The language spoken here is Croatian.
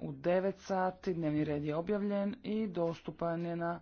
u 9 sati, dnevni red je objavljen i dostupan je na